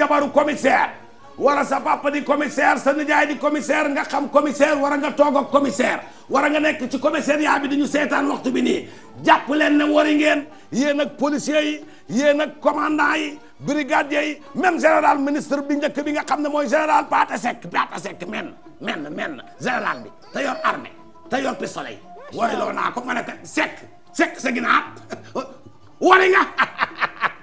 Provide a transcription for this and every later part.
jabaru commissaire wala sa papa di commissaire sa nijaay di commissaire nga xam commissaire war nga toog ak commissaire war nga nekk ci commissariat bi dañu seetaan waxtu bi nii jàpp leen ne wari ngeen yéen ak policiers yi yéen ak commandant yi brigadier yi même général ministre bi njëkk bi nga xam ne mooy général Pathé Seck Pathé Seck men men men général bi te yor armée te yor pistolet yi wari loo naa ko nga ne Seck Seck sa ginaar wari nga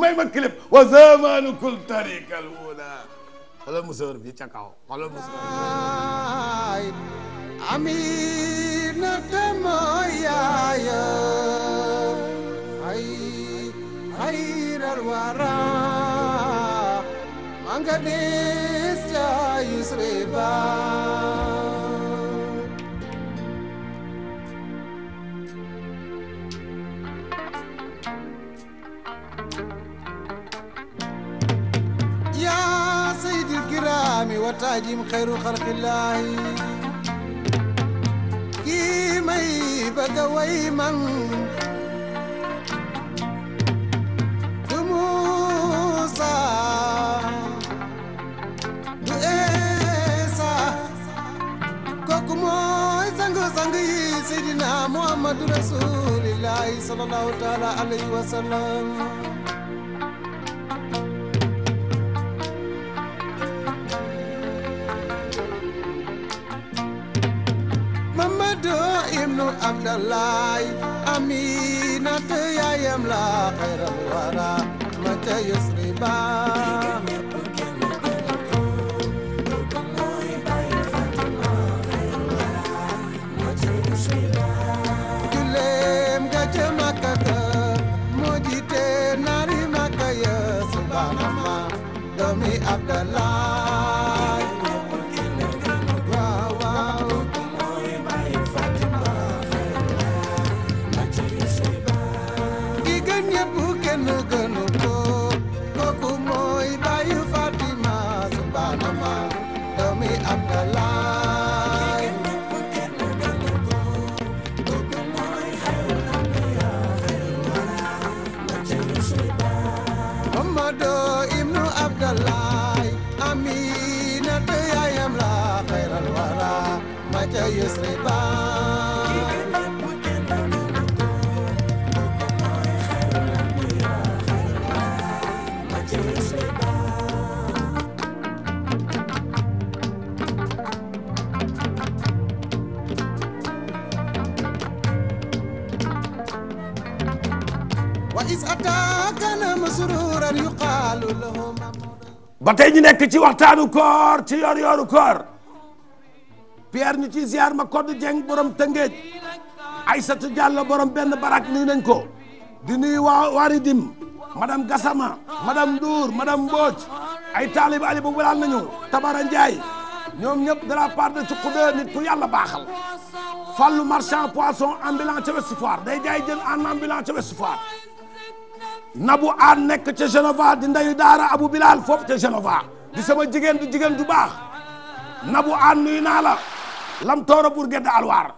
may ma clip wa zamanu kul tarikal wula xoolal musóor bi ca kaw xoolal musóor aminata mooy yaayam ay xayral wara manga des ca yusre ba xaadim xayru xalqillaahi kii may bëgg a way man du Muusa du Eesa kooku mooy sangu sang yi Seydina Muhammadu rasuulillaahi sallallaahu taala alayhi wa sallam ibnu abdallahi aminata yaayam la xayral wara mata yusriba julleem ga ca makka ga moo jiite nari makka ya subhanallah doomi abdallah mi am na laay Mamadu ibnu Abdallah Aminata yaayam la xayral wara ma ca yusri ba tey ñu nekk ci waxtaanu koor ci yoor yooru koor Pierre ñu ci ziar ma Codé Dieng borom Tëngéej Aïssatou Diallo borom benn barak nuyu nañ ko di nuyu waa Waridim madame Gassama madame Ndour madame Mbodj ay taalib ali bu walaal nañu Tabara Ndiaye ñoom ñëpp de la part de Cuqudee nit ku yàlla baaxal Fallou marchand poisson ambulant ca Ouest Foire day jaay jën en ambulant ca Ouest nabu aan nekk ca Genova di ndeyu daara Abu Bilal foofu ca Genova di sama jigéen di jigéen du baax nabu aan nuyu naa la lam toora pour gedd alwaar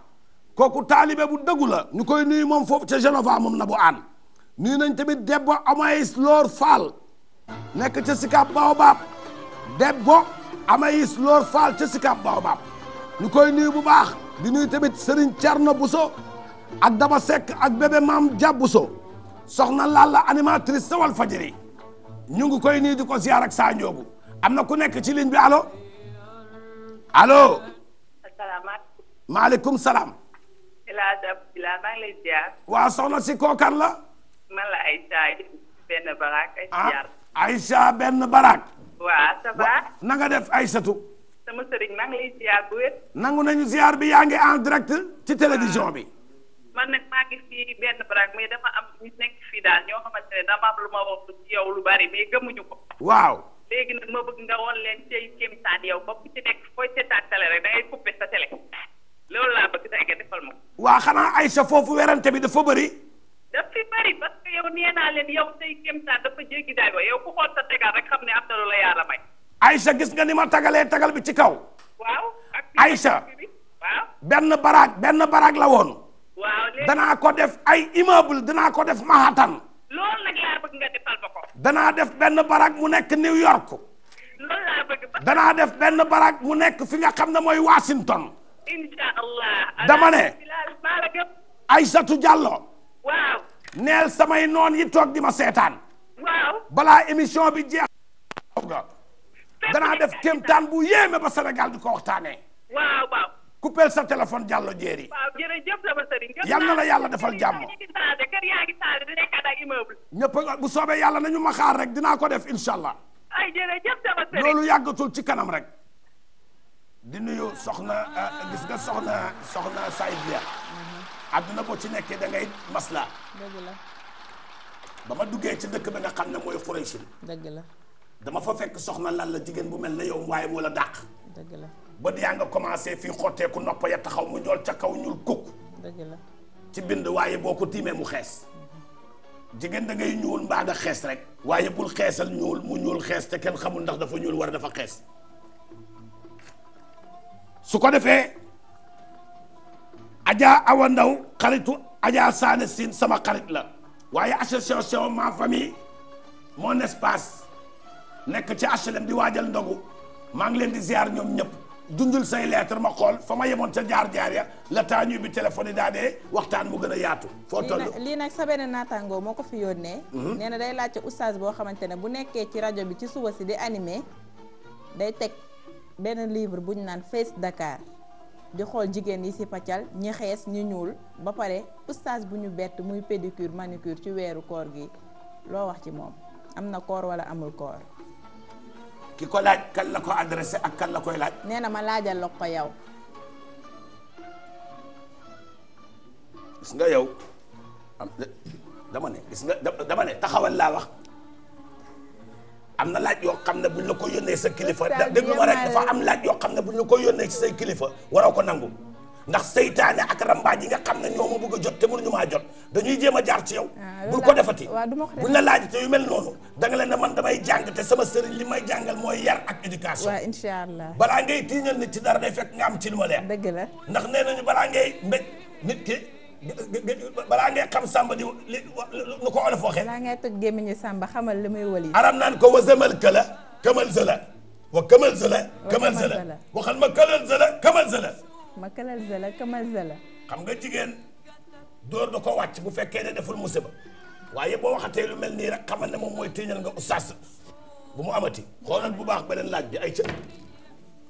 kooku taalibe bu dëggu la ñu koy nuy moom foofu ca Genova moom nabu aan nuyu nañ tamit Debbo Amaïs Loor Fall nekk ca Sicap Baobab Debbo Amaïs Loor Fall ca Sicap Baobab ñu koy nuyu bu baax di nuyu tamit Serigne Thierno Bousso ak dama sekk ak bébé Maam Dia so soxna Lalla animatrice sa wal fajiri ñu ngi koy nii di ko ziar ak saa am na ku nekk ci ligne bi alo allo. asalaamaaleykum. maaleykum salaam. El Hadj Abdoulaye maa ngi lay ziar. waa soxna si kookan la. man la Aïcha benn barak. ah waa na nga def Aïssatou. sama sëriñ maa ngi lay ziar nangu nañu ziar bi yaa ngi en direct ci télévision ah. bi. man nag maa ngi fii benn baraag mais dama am ñu nekk fii daal ñoo xamante ne dama am lu ma wax ci yow lu bari mais gëmuñu ko. waaw léegi nag ma bëgg nga woon leen tey kéemtaan yow ba ku ci nekk fooy seetaan télé rek da ngay coupé sa télé loolu laa bëgg tey nga defal ma. waa xanaa Aïssa foofu werante bi dafa bëri. daf fi bëri parce que yow nee naa leen yow tey kéemtaan dafa jéggi daay ba yow ku xool sa tegal rek xam ne am na lu la yàlla may. Aïssa gis nga ni ma tagalee tagal bi ci kaw. waaw ak Aïssa. waaw benn baraag benn baraag la woon. danaa ko def ay immeuble danaa ko def Manhattan. danaa def benn barak mu nekk New York. loolu laa danaa def benn barak mu nekk fi nga xam ne mooy Washington. incha allah. dama ne. Aysatu Diallo. waaw. neel samay noon yi toog di ma seetaan. waaw balaa émission bi jeex. danaa def kéemtaan bu yéeme ba Sénégal di ko waxtaanee. coupeel sa téléphone jàllo jeeri. waaw jërëjëf sama sëriñ. yal na la yàlla defal jàmm. kër yaa ngi bu soobee yàlla nañu ma xaar rek dinaa ko def incha allah. loolu yàggatul ci kanam rek. di nuyu soxna euh, gis nga soxna soxna Saïd Dia. Mhm. boo ci nekkee da masla dëgg la. ba ma duggee ci dëkk ba nga xam ne mooy Xuraysin. dëgg la. dama fa fekk soxna lan la jigéen bu mel na yow waaye moo la dàq. dëgg la. bët yaa nga commencé fii xotteeku nopp ya taxaw mu ñool ca kaw ñuul kukk ci bind waaye boo ko tiimee mu xees jigéen da ngay ñuul mbaa nga xees rek waaye bul xeesal ñuul mu ñuul xees te kenn xamul ndax dafa ñuul war dafa xees su ko defee Adja Awa Ndaw xaritu Adja Saane Sine sama xarit la waaye association ma famille mon espace nekk ci HLM di waajal ndogu maa ngi leen di ziar ñoom ñëpp dundul say lettre ma xool fa ma yemoon ca jaar jaar ya la ñuy bi téléphone yi waxtaan mu gën a yaatu. lii nag sa benn naataangoo moo ko fi yónnee. Mhm. nee day laajte oustaz boo xamante ne bu nekkee ci rajo bi ci suba si di anime day teg benn livre bu ñu naan Face Dakar di xool jigéen yi si paccal ñi xees ñi ñuul ba pare oustaz bu ñu bett muy pédicure manucure ci weeru koor gi loo wax ci moom am na koor wala amul koor. ki ko laaj kan la ko adressé ak kan la koy laaj. nee na ma laajal la ko yow. gis nga yow am dama ne gis nga dama ne taxawal laa wax am na laaj yoo xam ne buñ na ko yónnee sa kilifa. déglu ma rek dafa am laaj yoo xam ne buñ na ko yónnee ci say kilifa waroo ko nangu. ndax seytaane ak rambaaj yi nga xam ne ñoo ma bëgg a jot te mënuñu maa jot dañuy jéem a jaar ci yow ah, bul ko defati buñ la laaj te yu mel noonu da nga leen man damay jàng te sama sëriñ li may jàngal mooy yar ak éducation waaw incha allah balaa ngay tiiñal nit ci dara day fekk nga am ci lu ma leer dëgg la ndax nee nañu balaa ngay mbéj nit ki balaa ngay xam sàmba di li nu ko olof waxee balaa ngay toj gémmiñu sàmba xamal li muy wëli aram naan ko wasamal këla këmal sëla wa këmal sëla këmal sëla waxal ma këlal sëla këmal makalal zala kamal zala xam nga jigéen dóor da ko wàcc bu fekkee ne deful musiba waaye boo waxatee lu mel nii rek xamal ne moom mooy téeñal nga oustaz bu mu amati xoolal bu baax beneen laaj bi ay ca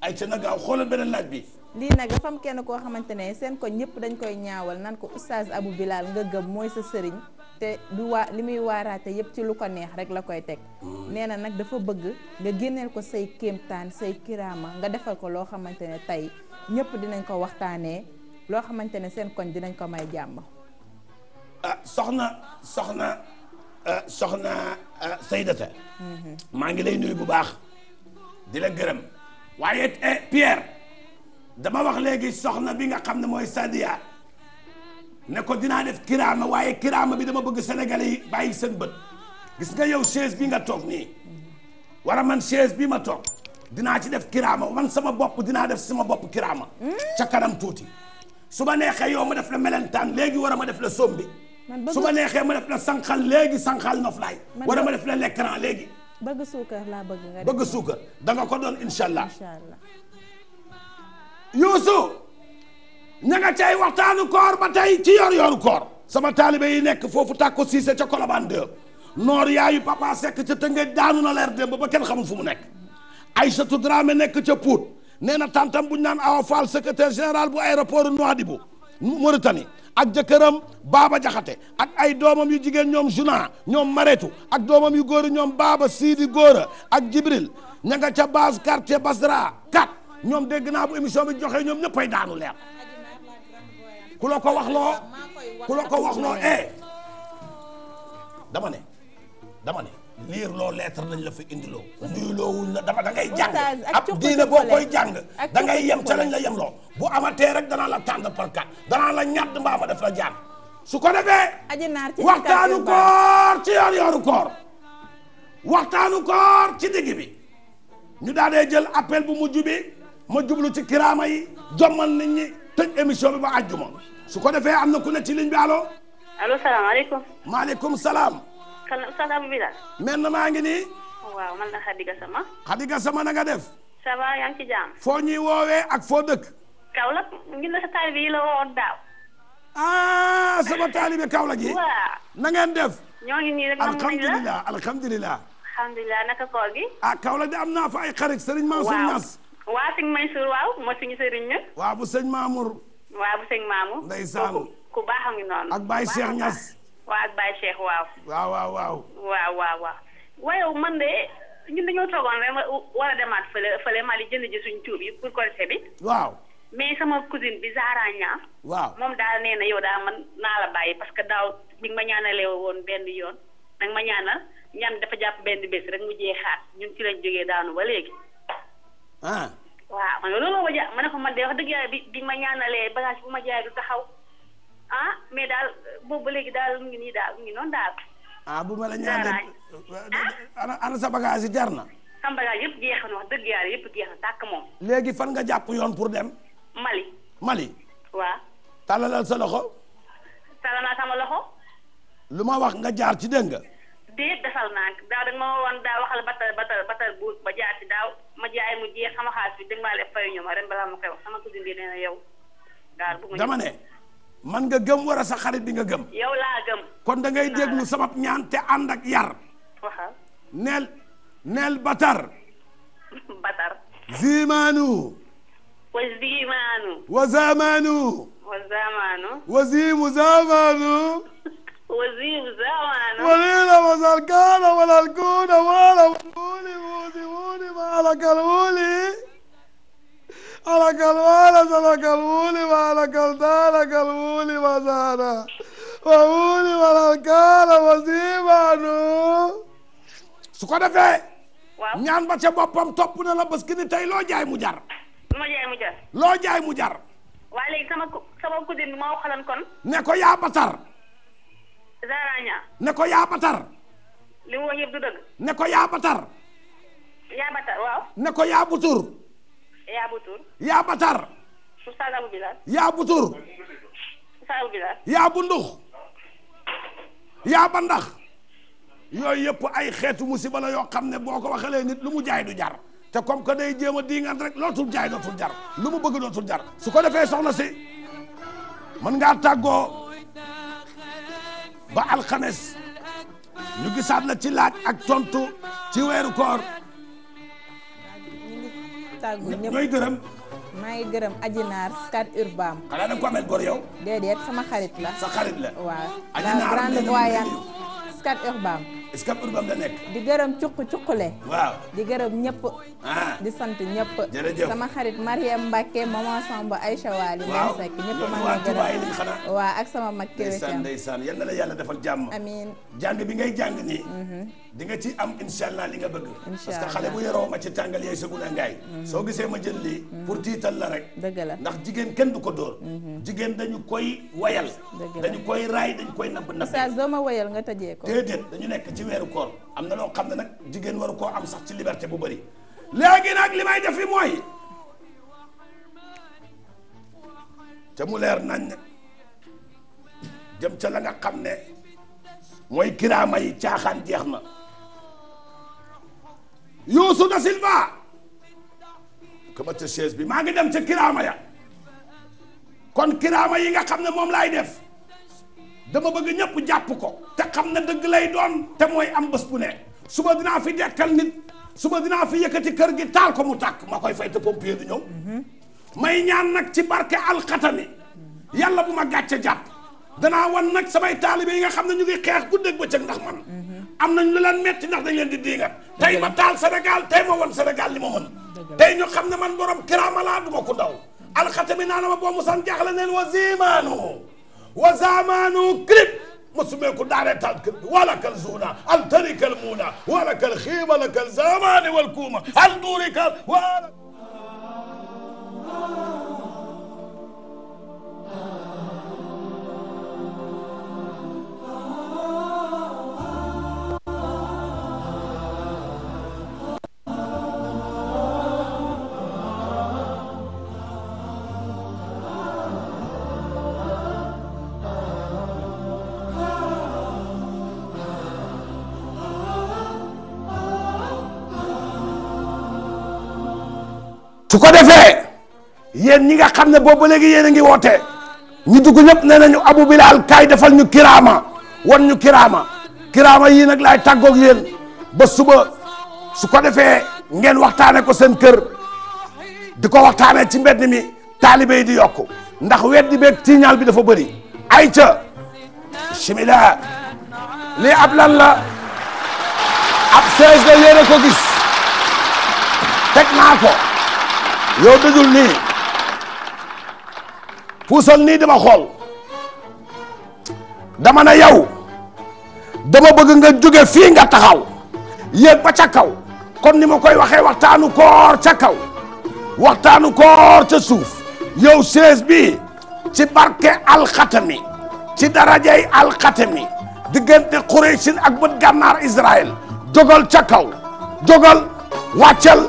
ay ca na gaaw xoolal beneen laaj bi lii nag dafa kenn koo xamante ne seen ko ñëpp dañ koy ñaawal nan ko oustaz Abou Bilal nga gëm mooy sa sëriñ te bu waa li muy waaraate yëpp ci lu ko neex rek la koy teg mm. nee na nag dafa bëgg nga génneel ko say kéemtaan say kiraama nga defal ko loo xamante ne tey ñëpp dinañ ko waxtaanee loo xamante ne seen koñ dinañ ko may jàmm ah, soxna soxna ah, soxna ah, Saydata mm-hmm. maa ngi lay nuyu bu baax di la gërëm waaye eh, Pierre dama wax léegi soxna bi nga xam ne mooy Sadia ne dinaa def kiraama waaye kiraama bi dama bëgg senegal yi bàyyi seen bët gis nga yow chaise bi nga toog nii wara man chaise bii ma toog dinaa ci def kiraama man sama bopp dinaa def sama bopp kiraama ca kanam tuuti su ma neexee yow ma def la melentaan léegi war a ma def la sombi su ma neexee ma def la sànqal léegi sànqal noflaay war wara ma def la lekkaran léegi bëgg suukar laa bëgg nga bëgg suukar ko doon incha allah yuusu ña nga cay waxtaanu koor ba tey ci yor yooru koor sama taalibe yi nekk foofu tàkko siise ca Colobane 2 noor yaayu papa sekk ca Tëngéej daanu na leer démb ba kenn xamul fu mu nekk Aïssatou Dramé nekk ca Pout nee na tantam bu ñu naan Awa Fall secretaire général bu aéroport Nouadhibou Mauritanie ak jëkkëram Baba Jaxate ak ay doomam yu jigéen ñoom Juna ñoom Maretu ak doomam yu góor ñoom Baba Sidi Góora ak Jibril ña nga ca base quartier Basra 4 ñoom dégg naa bu émission bi joxe ñoom ñëppay daanu leer ku la ko wax loo ku la ko wax loo eh dama ne dama ne liir loo lettre lañ la fi indiloo nduyloowuñ la dama da ngay jàng ab diine boo koy jàng da ngay yem lañ la yem loo bu amatee rek danaa la tànd par danaa la ñadd mbaa ma def la jaan su ko defee waxtaanu koor ci yoor u koor waxtaanu koor ci digg bi ñu daal jël appel bu mujj bi ma jublu ci kiraama yi jommal nit tëj émission bi ba àjjuma su ko defee am na ku ne ci ligne bi allo. allo salaamaaleykum. maaleykum salaam. kan Oustaz Abou Bilal. mel na maa ngi nii. waaw man la Khady Gassama. Khady Gassama na nga def. foo ñuy woowee ak foo dëkk. Kaolack gi la sa taalibe yi la woo daaw. ah na ngeen def. ñoo ngi nii rek alhamdulilah alhamdulilah. alhamdulilah naka koor gi. ah Kaolack am naa fa ay xarit Serigne Mansour waa sëñ Mansour waaw moo suñu sëriñ ñun. waaw bu sëñ Mamour. waaw bu sëñ Mamour. ndeysaan ku baax a ngi noonu. ak Baye Cheikh Niass. waaw ak Baye Cheikh waaw. waaw waaw waaw. waaw waaw waaw. waaye man de ñun dañoo toogoon rek war a demaat fële fële Mali jënd ji suñu waaw. mais sama cousine bi Zahra Niang. waaw moom daal nee na yow daal man naa la bàyyi parce que daaw bi nga ma ñaanalee woon benn yoon. nag ma ñaanal ñaan dafa jàpp benn bés rek mu jeexaat ñun ci lañ jógee daanu ba léegi. ah. waaw man loolu moo ma ja ko man de wax dëgg yàlla bi bi ma ñaanalee bagage bu ma jaay du taxaw ah mais daal boobu ba léegi daal mu ngi nii daal mu ngi noonu daal. ah bu ma la ñaanalee ah? eh, ana ana sa bagage yi jar na. sama bagage yëpp jeex na wax dëgg yàlla yëpp jeex na tàkk moom. léegi fan nga jàpp yoon pour dem. Mali. Mali. waaw. tàllalal sa loxo. naa sama loxo. lu ma wax nga jaar ci dégg nga. déet defal naa daaw ma woon daa waxal batal batal batal ba jaar ci daaw. ma jaay mu jeex sama xaalis bi dégg maa man nga gëm wala sa xarit bi nga gëm. kon da ngay déglu sama ñaan te ànd yar. waaw. neel batar. batar. wa zaamaanu. wa zaamaanu. wa ziimu zaamaanu. wa ziimu zaamaanu. wa liila wasal kaana walal kuuna wala wala على قلبولي على قلبالس على قلبولي وعلى قلدان قلبولي وزانا وقولي والالكالا وزيبانو su ko defee. waaw ñaan ba ca boppam topp na la parce que ni tey loo jaay mu jar. lu ma jaay mu jar. loo jaay mu jar. waaye léegi sama sama cousine bi ma waxaloon kon. ne ko yaa batar. Zahra Niang. ne ko yaa batar. li mu wax yëpp du dëgg. ne ko yaa batar. Yaabatar waaw. ne ko Yaabutur. Yaabutur. Yaabatar. Oustaz Abou Bilal. Yaabutur. Oustaz Abou Bilal. Yaabundux. Yaabandax. yëpp ay xeetu musiba la yoo xam ne boo ko waxalee nit lu mu jaay du jar te comme que day jéem a diingaan rek lootul jaay dootul jar lu mu bëgg dootul jar su ko defee soxna si mën ngaa tàggoo ba alxames ñu gisaat la ci laaj ak tontu ci weeru koor. tàggu ñëpp ñooy gërëm. maa ngi gërëm Ajinaar Scat Urbam. xanaa da nga ko amee góor sama xarit la. sa xarit la waaw. la grande voyante Scat Urbam. Scat nekk. di gërëm cuq cuqule. waaw di gërëm ñëpp. Ah. di sant ñëpp. jërëjëf sama xarit Mariam Mbacke maman Samba Aïcha Wali. waaw yow waa Touba yi lañ sama mag. Kébé Thiam ndeysaan yàlla defal jàmm. amiin jàng bi ngay jàng nii. Mhm. di nga ci am incha allah li nga bëgg. parce que xale bu yoroo ma ci tàngal yaay sëguna ngaay. Mm-hmm. soo gisee ma jël lii. pour mm-hmm. tiital la rek. dëgg la ndax jigéen kenn du ko dóor. Mm-hmm. jigéen dañu koy wayal. dañu koy raay dañu koy napp napp. saa doo ma wayal nga tëjee ko. déedéet dañu nekk ci weeru koor am na loo xam ne nag jigéen waru koo am sax ci liberté bu bëri léegi nag li may def fi mooy te mu leer nañ jëm ca la nga xam ne mooy kiraama yi caaxaan jeex na. Youssou da Silva kaba ca chaise bi maa ngi dem ca kiraama ya kon kiraama yi nga xam ne moom laay def dama bëgg ñëpp jàpp ko te xam ne dëgg lay doon te mooy am bés bu ne suba dinaa fi dekkal nit suba dinaa fi yëkkati kër gi taal ko mu tàkk ma koy fay te pompier du ñëw may ñaan nag ci barke alxatami yàlla bu ma gàcce jàpp danaa wan nag samay taalibe yi nga xam ne ñu ngi xeex guddeeg bëccëg ndax man am nañ lu leen metti ndax dañ leen di diingat tey ma taal Sénégal tey ma won Sénégal li ma mën tey ñu xam ne man borom kiraama laa duma ku ndaw alxatami naa na ma boo musan jaaxle neen wa zimaanu wa zamaanu krib musume ku daare tal krib wala kal zuuna al tarikal muuna wala kal xiima la kal zamaani wal kuuma al duurikal wala su ko defee yéen ñi nga xam ne boobu léegi yéen a ngi woote ñu dugg ñëpp ne nañu Abu Bilal kaay defal ñu kiraama won ñu kiraama kiraama yii nag laay tàggoog yéen ba suba su ko defee ngeen waxtaane ko seen kër di ko waxtaane ci mbedd mi taalibe yi di yokku ndax weddi beeg tiiñaal bi dafa bëri ay ca bismillah lii ab lan la ab sees la yéen ko gis teg naa ko yow dëjul nii puusal nii dama xool dama ne yow dama bëgg nga jóge fii nga taxaw yéeg ba ca kaw comme ni ma koy waxee waxtaanu koor ca kaw waxtaanu koor ca suuf yow sees bi ci barke alxatami ci darajay alxatami diggante Quraysin ak bët gànnaar Israël jogal ca kaw jogal wàccal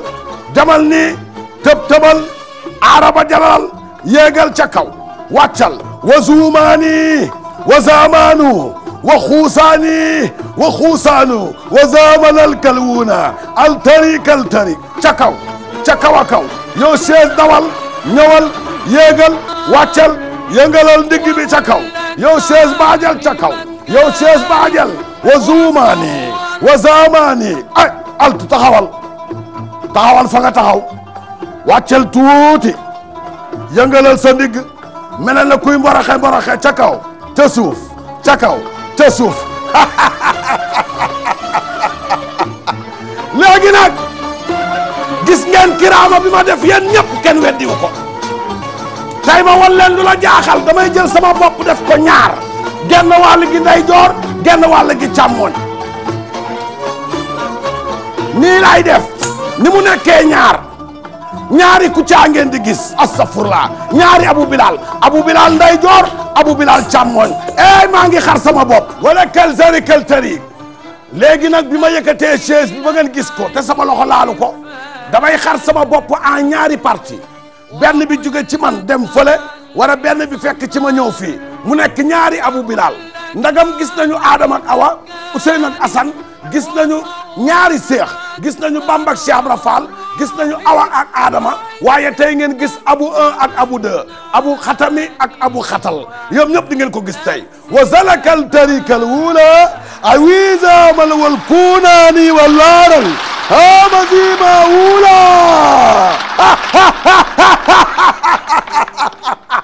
demal tëb tëbal araba jalal yéegal ca kaw wàccal wa zuumaani wa zaamaanu wa xuusaani wa xuusaanu wa zaamanal kalwuuna al tarik al tarik ca kaw ca kaw a kaw yow chaise dawal ñëwal yéegal bi ca kaw yow chaise baajal ca kaw yow chaise baajal wa zuumaani wa zaamaani ay altu taxawal taxawal fa nga taxaw wàccel tuuti yëngalal sa ndigg mel na kuy mbaraxe mbaraxe ca kaw ca suuf ca kaw ca suuf léegi nag gis ngeen kiraama bi ma def yéen ñëpp kenn weddiwu ko tey ma wan lu la jaaxal damay jël sama bopp def ko ñaar genn wàll gi ndeyjoor genn wàll gi càmmoñ nii lay def ni mu nekkee ñaar ñaari Kouthia ngeen di gis astafurla ñaari Abu Bilal Abu Bilal nday joor Abu Bilal càmmooñ ey maa ngi xar sama bopp wala kel seri kel tëri léegi nag bi ma yëkkatee chaise bi ba ngeen gis ko te sama loxo laalu ko damay xar sama bopp en ñaari parti benn bi jóge ci man dem fële wala benn bi fekk ci ma ñëw fii mu nekk ñaari Abu Bilal ndagam gis nañu Adama Awa Ousseynou ak Assane gis nañu ñaari seex gis nañu Bamba ak Cheikh Ibra gis nañu awa ak aadama waaye tey ngeen gis abu un ak abu deux abu xatami ak abu xatal yom ñëpp di ngeen ko gis tey wa tarikal wuula a wiisamal wal kuunaani wa laaral hamasima wuula